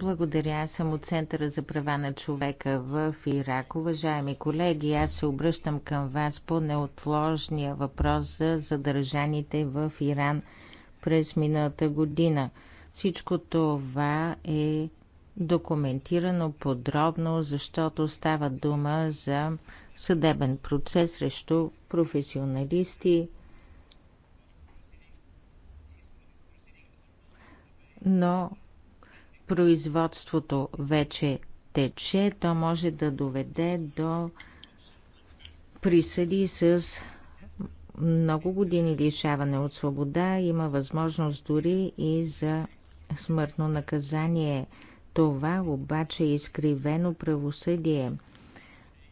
Благодаря. Аз съм от Центъра за права на човека в Ирак. Уважаеми колеги, аз се обръщам към вас по неотложния въпрос за задържаните в Иран през миналата година. Всичко това е документирано подробно, защото става дума за съдебен процес срещу професионалисти, но производството вече тече, то може да доведе до присъди с много години лишаване от свобода. Има възможност дори и за смъртно наказание. Това обаче е изкривено правосъдие.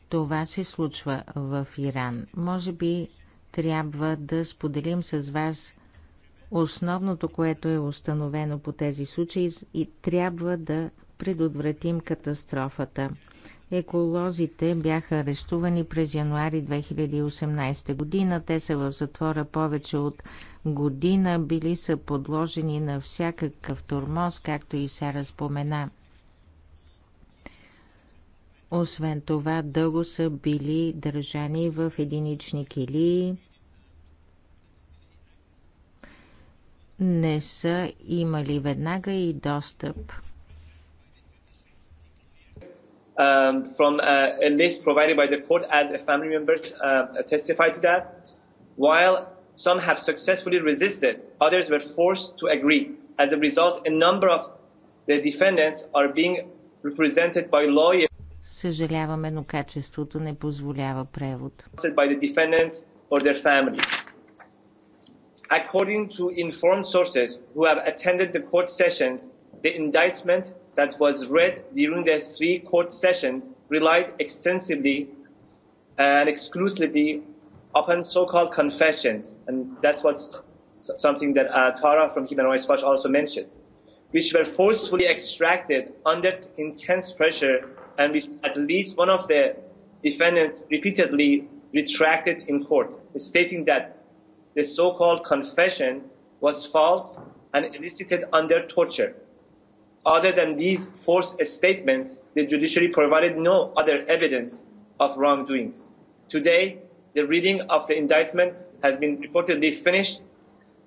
Това се случва в Иран. Може би трябва да споделим с вас Основното, което е установено по тези случаи и трябва да предотвратим катастрофата. Еколозите бяха арестувани през януари 2018 година. Те са в затвора повече от година. Били са подложени на всякакъв тормоз, както и се разпомена. Освен това, дълго са били държани в единични килии не са имали веднага и достъп. Um, from uh, a list provided by the court as a family member uh, testified to that, while some have successfully resisted, others were forced to agree. As a result, a number of the defendants are being represented by lawyers. Съжаляваме, но качеството не позволява превод. By the defendants or their families. According to informed sources who have attended the court sessions, the indictment that was read during the three court sessions relied extensively and exclusively upon so-called confessions, and that's what's something that uh, Tara from Human Rights Watch also mentioned, which were forcefully extracted under intense pressure, and which at least one of the defendants repeatedly retracted in court, stating that The so-called confession was false and elicited under torture. Other than these forced statements, the judiciary provided no other evidence of wrongdoings. Today, the reading of the indictment has been reportedly finished.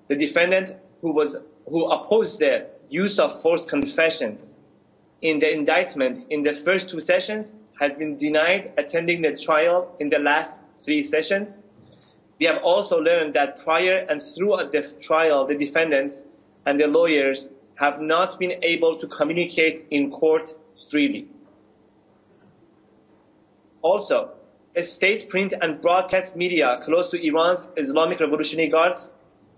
The defendant who was, who opposed the use of forced confessions in the indictment in the first two sessions has been denied attending the trial in the last three sessions. We have also learned that prior and throughout this trial, the defendants and the lawyers have not been able to communicate in court freely. Also, state print and broadcast media close to Iran's Islamic Revolutionary Guards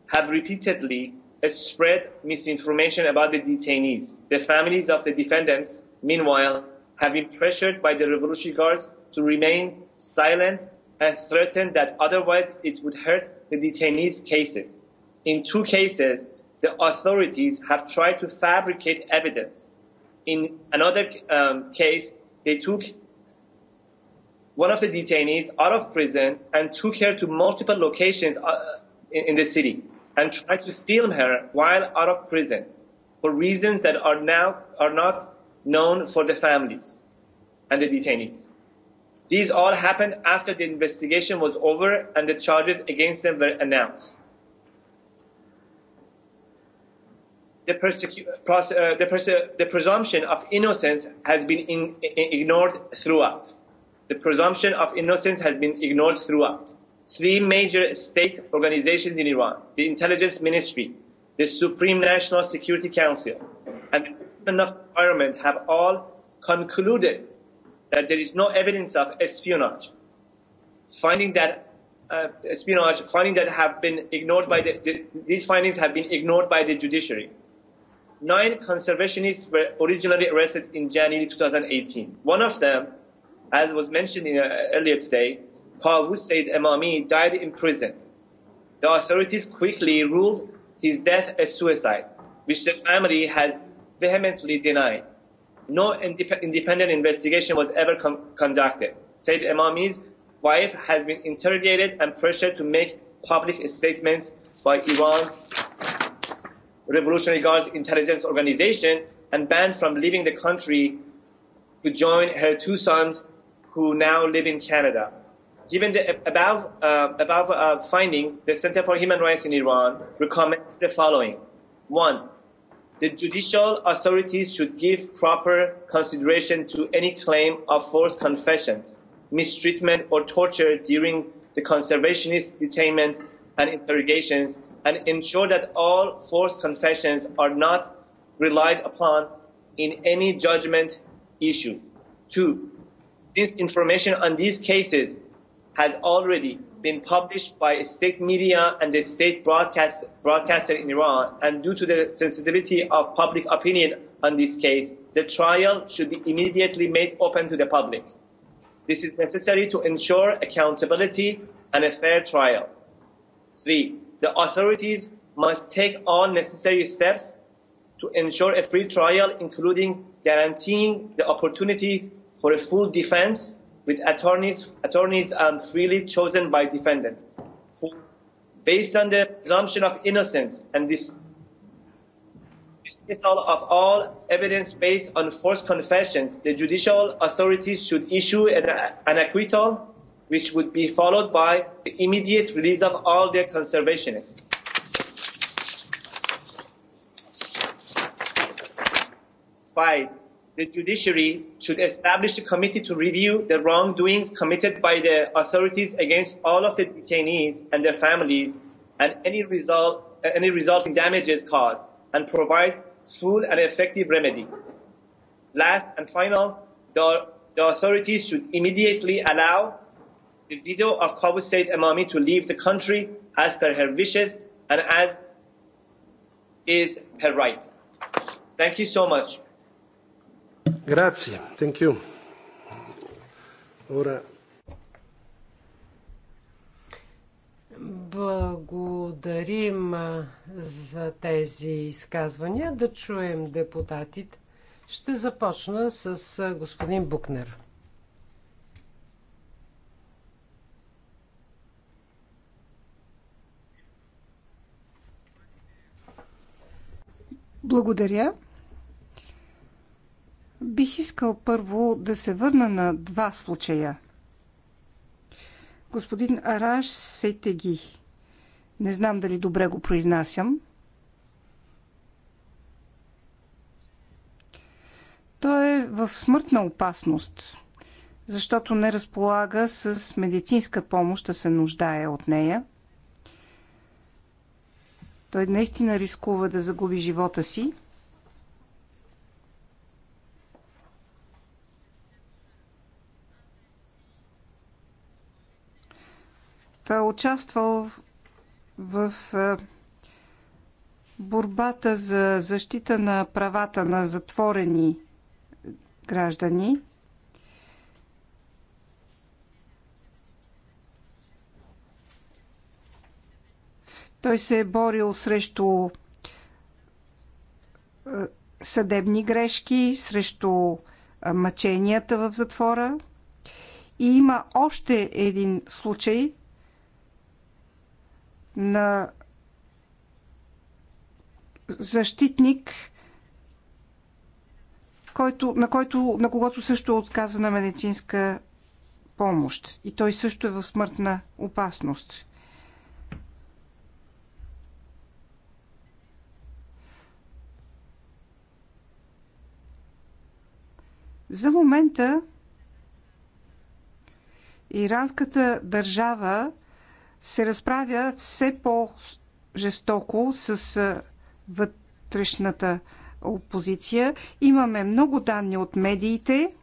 have repeatedly spread misinformation about the detainees. The families of the defendants, meanwhile, have been pressured by the Revolutionary Guards to remain silent and threatened that otherwise it would hurt the detainees' cases. In two cases, the authorities have tried to fabricate evidence. In another um, case, they took one of the detainees out of prison and took her to multiple locations uh, in, in the city and tried to film her while out of prison for reasons that are now are not known for the families and the detainees. These all happened after the investigation was over and the charges against them were announced. The, persecu- pros- uh, the, the, presumption of innocence has been in- ignored throughout. The presumption of innocence has been ignored throughout. Three major state organizations in Iran, the Intelligence Ministry, the Supreme National Security Council, and the Department of Environment have all concluded that there is no evidence of espionage. Finding that uh, espionage, finding that have been ignored by the, the, these findings have been ignored by the judiciary. Nine conservationists were originally arrested in January 2018. One of them, as was mentioned in, uh, earlier today, Paul Wusaid Emami died in prison. The authorities quickly ruled his death a suicide, which the family has vehemently denied no indep- independent investigation was ever con- conducted. Said Imami's wife has been interrogated and pressured to make public statements by Iran's Revolutionary Guards intelligence organization and banned from leaving the country to join her two sons who now live in Canada. Given the above, uh, above uh, findings, the Center for Human Rights in Iran recommends the following. One, the judicial authorities should give proper consideration to any claim of forced confessions, mistreatment or torture during the conservationist detainment and interrogations and ensure that all forced confessions are not relied upon in any judgment issue. Two, since information on these cases has already been published by state media and the state broadcast, broadcaster in Iran, and due to the sensitivity of public opinion on this case, the trial should be immediately made open to the public. This is necessary to ensure accountability and a fair trial. Three, the authorities must take all necessary steps to ensure a free trial, including guaranteeing the opportunity for a full defense with attorneys attorneys um, freely chosen by defendants, for, based on the presumption of innocence and this dismissal of all evidence based on forced confessions, the judicial authorities should issue an, an acquittal, which would be followed by the immediate release of all their conservationists. Five the judiciary should establish a committee to review the wrongdoings committed by the authorities against all of the detainees and their families and any result any resulting damages caused and provide full and effective remedy. Last and final, the, the authorities should immediately allow the widow of Kabul Said Imami to leave the country as per her wishes and as is her right. Thank you so much. Grazie, thank you. Ora... Благодарим за тези изказвания. Да чуем депутатите. Ще започна с господин Букнер. Благодаря. Бих искал първо да се върна на два случая. Господин Араш Сетеги. Не знам дали добре го произнасям. Той е в смъртна опасност, защото не разполага с медицинска помощ, а се нуждае от нея. Той наистина рискува да загуби живота си – Той е участвал в е, борбата за защита на правата на затворени граждани. Той се е борил срещу е, съдебни грешки, срещу е, мъченията в затвора. И има още един случай – на защитник, който, на, който, на когото също е отказана медицинска помощ. И той също е в смъртна опасност. За момента иранската държава се разправя все по-жестоко с вътрешната опозиция. Имаме много данни от медиите.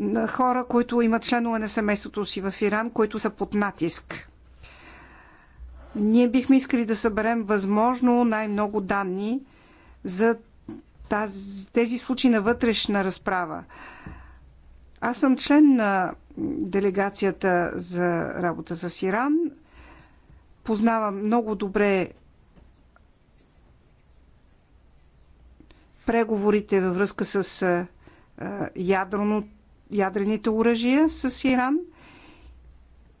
на хора, които имат членове на семейството си в Иран, които са под натиск. Ние бихме искали да съберем възможно най-много данни за тази, тези случаи на вътрешна разправа. Аз съм член на делегацията за работа с Иран. Познавам много добре преговорите във връзка с ядрено, ядрените оръжия с Иран.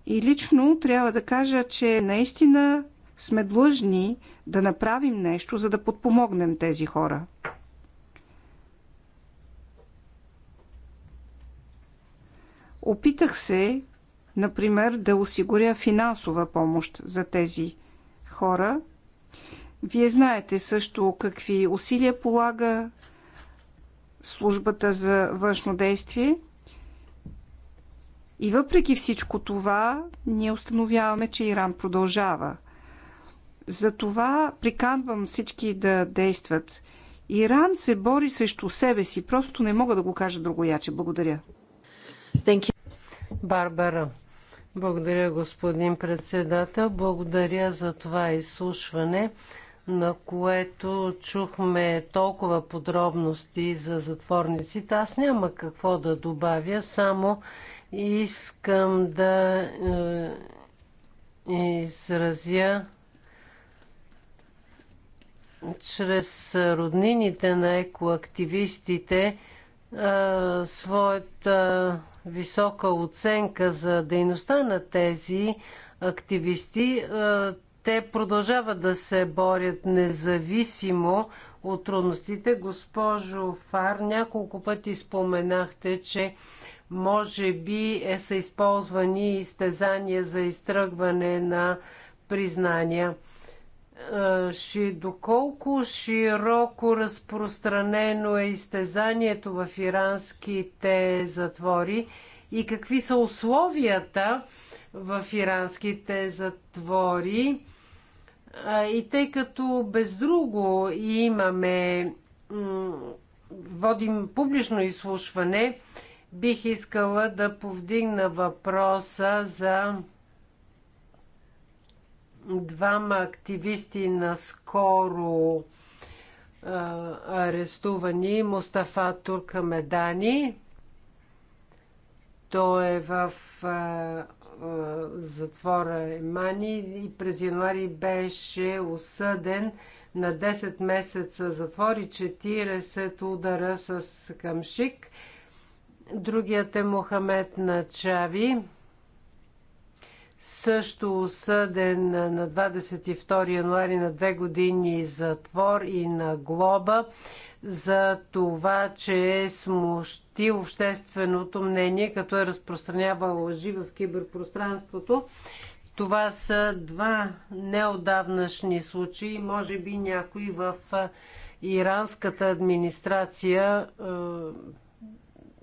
И лично трябва да кажа, че наистина сме длъжни да направим нещо, за да подпомогнем тези хора. Опитах се, например, да осигуря финансова помощ за тези хора. Вие знаете също какви усилия полага службата за външно действие. И въпреки всичко това, ние установяваме, че Иран продължава. Затова приканвам всички да действат. Иран се бори срещу себе си. Просто не мога да го кажа другояче. Благодаря. Барбара. Благодаря, господин председател. Благодаря за това изслушване, на което чухме толкова подробности за затворниците. Аз няма какво да добавя, само искам да е, изразя чрез роднините на екоактивистите е, своята висока оценка за дейността на тези активисти. Е, те продължават да се борят независимо от трудностите. Госпожо Фар, няколко пъти споменахте, че може би е, са използвани изтезания за изтръгване на признания. Ши, доколко широко разпространено е изтезанието в иранските затвори и какви са условията в иранските затвори? И тъй като без друго имаме, водим публично изслушване, бих искала да повдигна въпроса за Двама активисти наскоро арестувани. Мустафа Медани, Той е в а, затвора Емани и през януари беше осъден на 10 месеца затвор и 40 удара с камшик. Другият е Мохамед Начави също осъден на 22 януари на две години затвор и на глоба за това, че е смущил общественото мнение, като е разпространявал лъжи в киберпространството. Това са два неодавнашни случаи. Може би някой в иранската администрация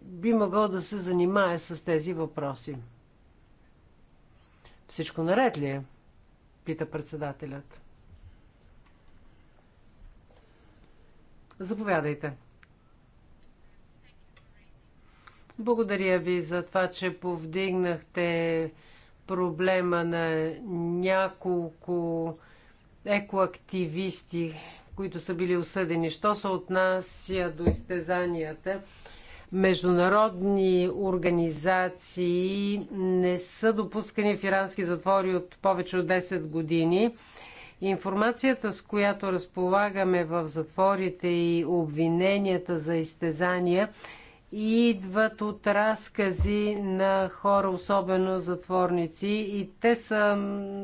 би могъл да се занимае с тези въпроси. Всичко наред ли е? Пита председателят. Заповядайте. Благодаря ви за това, че повдигнахте проблема на няколко екоактивисти, които са били осъдени. Що се отнася до изтезанията? международни организации не са допускани в ирански затвори от повече от 10 години. Информацията, с която разполагаме в затворите и обвиненията за изтезания, идват от разкази на хора, особено затворници, и те са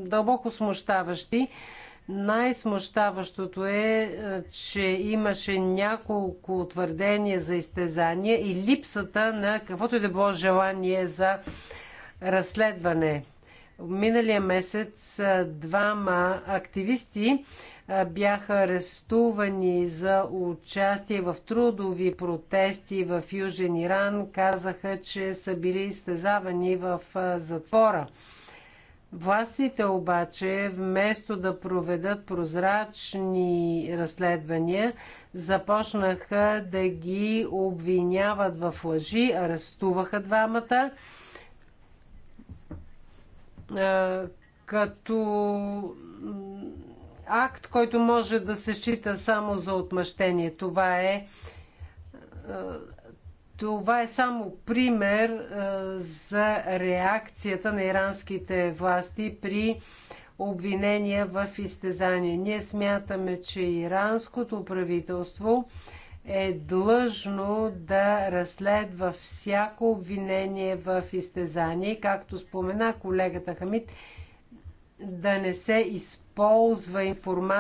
дълбоко смущаващи. Най-смущаващото е, е, че имаше няколко твърдения за изтезания и липсата на каквото и да било желание за разследване. Миналия месец е, двама активисти е, бяха арестувани за участие в трудови протести в Южен Иран. Казаха, че са били изтезавани в затвора. Властите обаче, вместо да проведат прозрачни разследвания, започнаха да ги обвиняват в лъжи, арестуваха двамата, като акт, който може да се счита само за отмъщение. Това е това е само пример е, за реакцията на иранските власти при обвинения в изтезание. Ние смятаме, че иранското правителство е длъжно да разследва всяко обвинение в изтезание, както спомена колегата Хамид, да не се използва информация